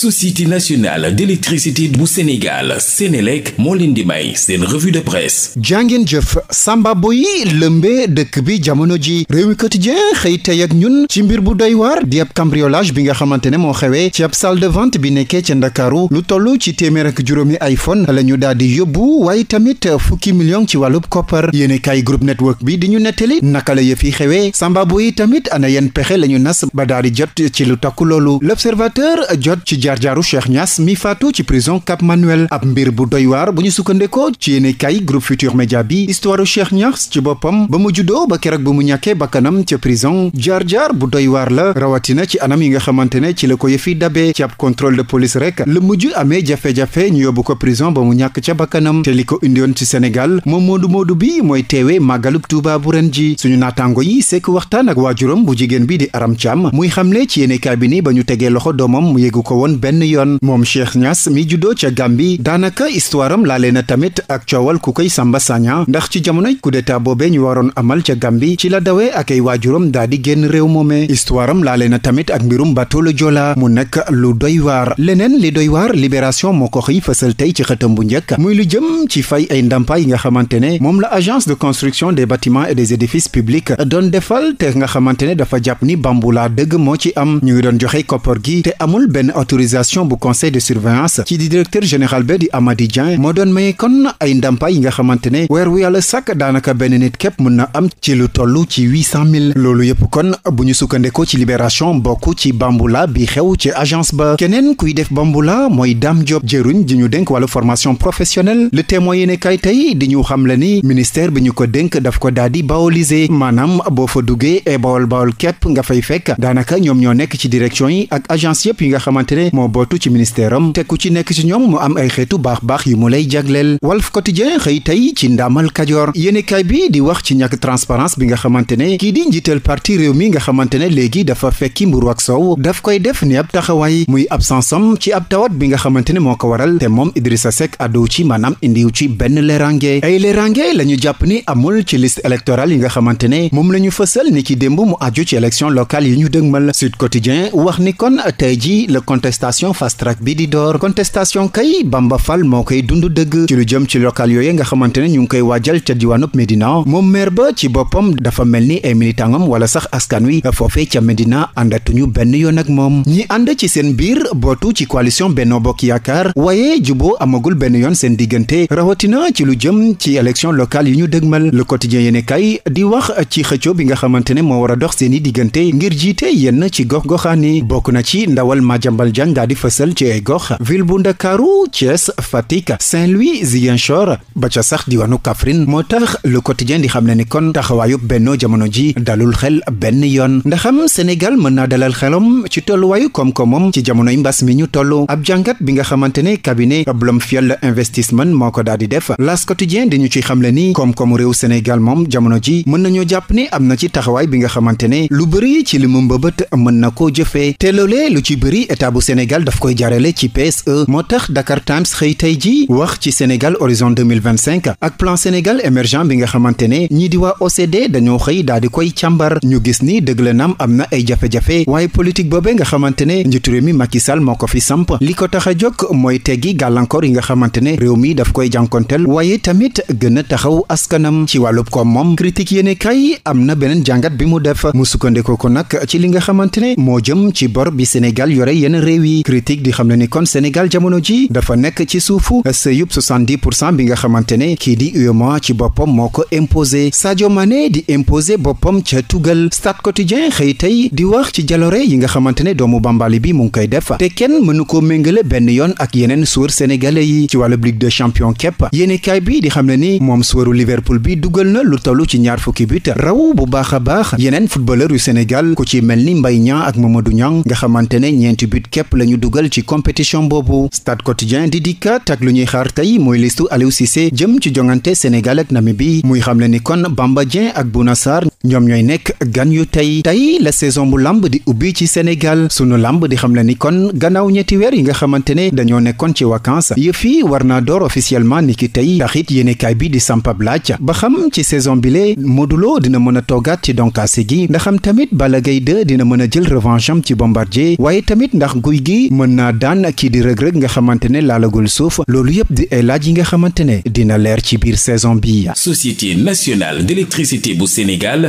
société nationale d'électricité bu Sénégal Sénélec moo leen di may seen revue de presse jàngeen jëf samba boy lëmbee dëkk bi jamono ji réew mi quotidien xëy tey ak ñun ci mbir bu doy waar di ab cambriolage bi nga xamante ne moo xewee ci ab salle de vente bi nekkee ca ndakaaru lu toll ci téeméer ak juróomi iPhone la ñu daal di yóbbu waaye tamit fukki million ci wàllub koppar yéene kaay groupe network bi di ñu nettali naka la yëf yi xewee samba yi tamit ana yenn pexe la ñu nas ba daal di jot ci lu takku loolu l'observateur jot ci jaar-jaaru Cheikh Niass mi faatu ci prison Cap Manuel ab mbir bu doy bu ñu sukkandekoo ci yéene groupe Futur Média bi histoire Cheikh Niass ci boppam ba mu juddoo ba keroog ba mu ñàkkee bakkanam ca prison jaar-jaar bu doy waar la rawatina ci anam yi nga xamante ne ci la ko yëfi dabee ci ab contrôle de police rek la mujj amee jafe-jafe ñu yóbbu ko prison ba mu ñàkk ca bakkanam te li ko indiwoon ci Sénégal moom moodu moodu bi mooy teewee màggalub Tuuba bu bu jigéen bi di Aram Thiam muy xamle ci yéene kay bi ni benn yoon moom Cheikh nas mi juddoo ca Gàmbi daanaka histoire am laale na tamit ak coowal ku koy Samba Sagna ndax ci jamonoy coup d'état boobee ñu waroon amal ca Gàmbi ci la dawee ak ay waajuram daa di génn réew moomee histoire am laale na tamit ak mbirum bateau le Joola mu nekk lu doy waar leneen li doy waar Libération moo ko xëy fësal tey ci xëtam bu njëkk muy lu jëm ci fay ay ndàmpaay yi nga xamante ne moom la agence de construction des bâtiments et des édifices publics doon defal te nga xamante ne dafa jàpp ni bambu dëgg moo ci am ñu ngi doon joxe koppar gi te amul organisation bu conseil de surveillance ci di directeur général ba di Amady Dieng moo doon may kon ay ndàmpaay yi nga xamante ne weer wu yàlla sàkk daanaka benn nit képp mën na am ci lu toll ci huit cent mille loolu yëpp kon bu ñu sukkandekoo ci libération bokk ci bambula bi xew ci agence ba keneen kuy def bambula mooy Dame Diop jëruñ ji ñu dénk wala formation professionnelle lu témoin yéene kay tey di ñu xam le ni ministère bi ñu ko dénk daf ko daal di baoliser maanaam boo fa duggee e bawol bawol képp nga fay fekk daanaka ñoom ñoo nekk ci direction yi moo bootu ci ministère am te ku ci nekk ci ñoom mu am ay xeetu baax-baax yu mu lay jagleel Walf Quotidien xëy tey ci ndaamal Kajoor yéenekaay bi di wax ci ñàkk transparence bi nga xamante ne kii di njiital parti réew mi nga xamante ne léegi dafa fekki mburu ak soow daf koy def ni ab taxawaay muy absence am ci ab tawat bi nga xamante ne moo ko waral te moom Idrissa Seck addu ci maanaam indiw ci benn lerange ay lerange la ñu jàpp ni amul ci liste électorale yi nga xamante ne moom la ñu fësal ni ki démb mu aju ci élection locale yi ñu dëgmal Sud Quotidien wax contestation fast track bi di door contestation kay Bamba Fall moo koy dund dëgg ci lu jëm ci local yooyu nga xamante ne ñu ngi koy waajal ca diwaanub Médina moom maire ba ci boppam dafa mel ni ay militantam wala sax askan wi foofee ca Médina àndatuñu benn yoon ak moom ñi ànd ci seen biir bootu ci coalition Benno Bokk Yaakaar waaye juboo amagul benn yoon seen diggante rawatina ci lu jëm ci élection locale yi ñu dëgmal le quotidien yéene kay di wax ci xëccoo bi nga xamante ne moo war a dox seeni diggante ngir jiite yenn ci gox goxaan bokk na ci ndawal Madiambal Diagne daal di fësal ci ay gox ville bu ndakaaru Thiès Fatick Saint-Louis Ziguinchor ba ca sax diwaanu Kaffrine moo tax le quotidien di xam ne ni kon taxawaayu Benno jamono ji dalul xel benn yoon ndaxam Sénégal mën naa dalal xelam ci tolluwaayu koom-koomam ci jamonoy mbas mi ñu toll ab jàngat bi nga xamante ne cabinet Blomfield Investissement moo ko daal di def L'As quotidien di ñu ciy xam le ni koom-koomu réew Sénégal moom jamono ji mën nañoo jàpp ne am na ci taxawaay bi nga xamante ne lu bëri ci li Sénégal daf koy jaarale ci PSE moo tax Dakar Times xëy tey ji wax ci Sénégal horizon 2025 ak plan Sénégal émergent bi nga xamante ne ñii di waa OCDE dañoo xëy daal di koy càmbar ñu gis ni dëgg la am na ay jafe-jafe waaye politique boobee nga xamante ne njiitu réew mi Macky Sall moo ko fi samp li ko tax a jóg mooy teggi gàllankoor yi nga xamante ne réew mi daf koy jànkonteel waaye tamit gën a taxaw askanam ci wàllub koom moom critique yéene kay am na beneen jàngat bi mu def mu sukkandikoo ko nag ci li nga xamante ne moo jëm ci bor bi Sénégal yore yenn bi critique di xam ne ni kon Sénégal jamono ji dafa nekk ci suufu sëyub bi nga xamante ne kii di UEMOA ci boppam moo ko imposé Sadio Mané di imposé boppam ca tugal Stade Quotidien xëy tey di wax ci jaloore yi nga xamante ne doomu Bambali bi mu ngi koy def te kenn mënu ko méngale benn yoon ak yeneen suur sénégalais yi ci wàllu Ligue des champions képp yéenekaay bi di xam ne ni moom suuru Liverpool bi dugal na lu tollu ci ñaar fukki but raw bu baax a baax yeneen footballeur ci mel ni Mbaye Niang ak la dugal ci compétition boobu stade quotidien di dikkat ak lu ñuy xaar tey mooy listu Aliou Cissé jëm ci jongante Sénégal ak Namibie muy xamle ni kon Bamba Dieng ak Bouna Sarr ñoom ñooy nekk gan yu tey tey la saison bu lamb di ubbi ci Sénégal sunu làmb di xam le ni kon gannaaw ñetti weer yi nga xamante ne dañoo nekkoon ci vacances yëf yi war naa door officiellement ni ki tey taxit yéenekaay bi di sampab laaj ba xam ci saison bi lee Modou dina mën a toogaat ci donkaase gi ndaxam tamit bala Gaye dina mën a jël revanche am ci Bombardier waaye tamit ndax guy gi mën naa daan kii di rëg-rëg nga xamante ne laalagul suuf loolu yëpp laaj yi nga xamante ne dina leer ci biir saison bi Société nationale d'électricité bu Sénégal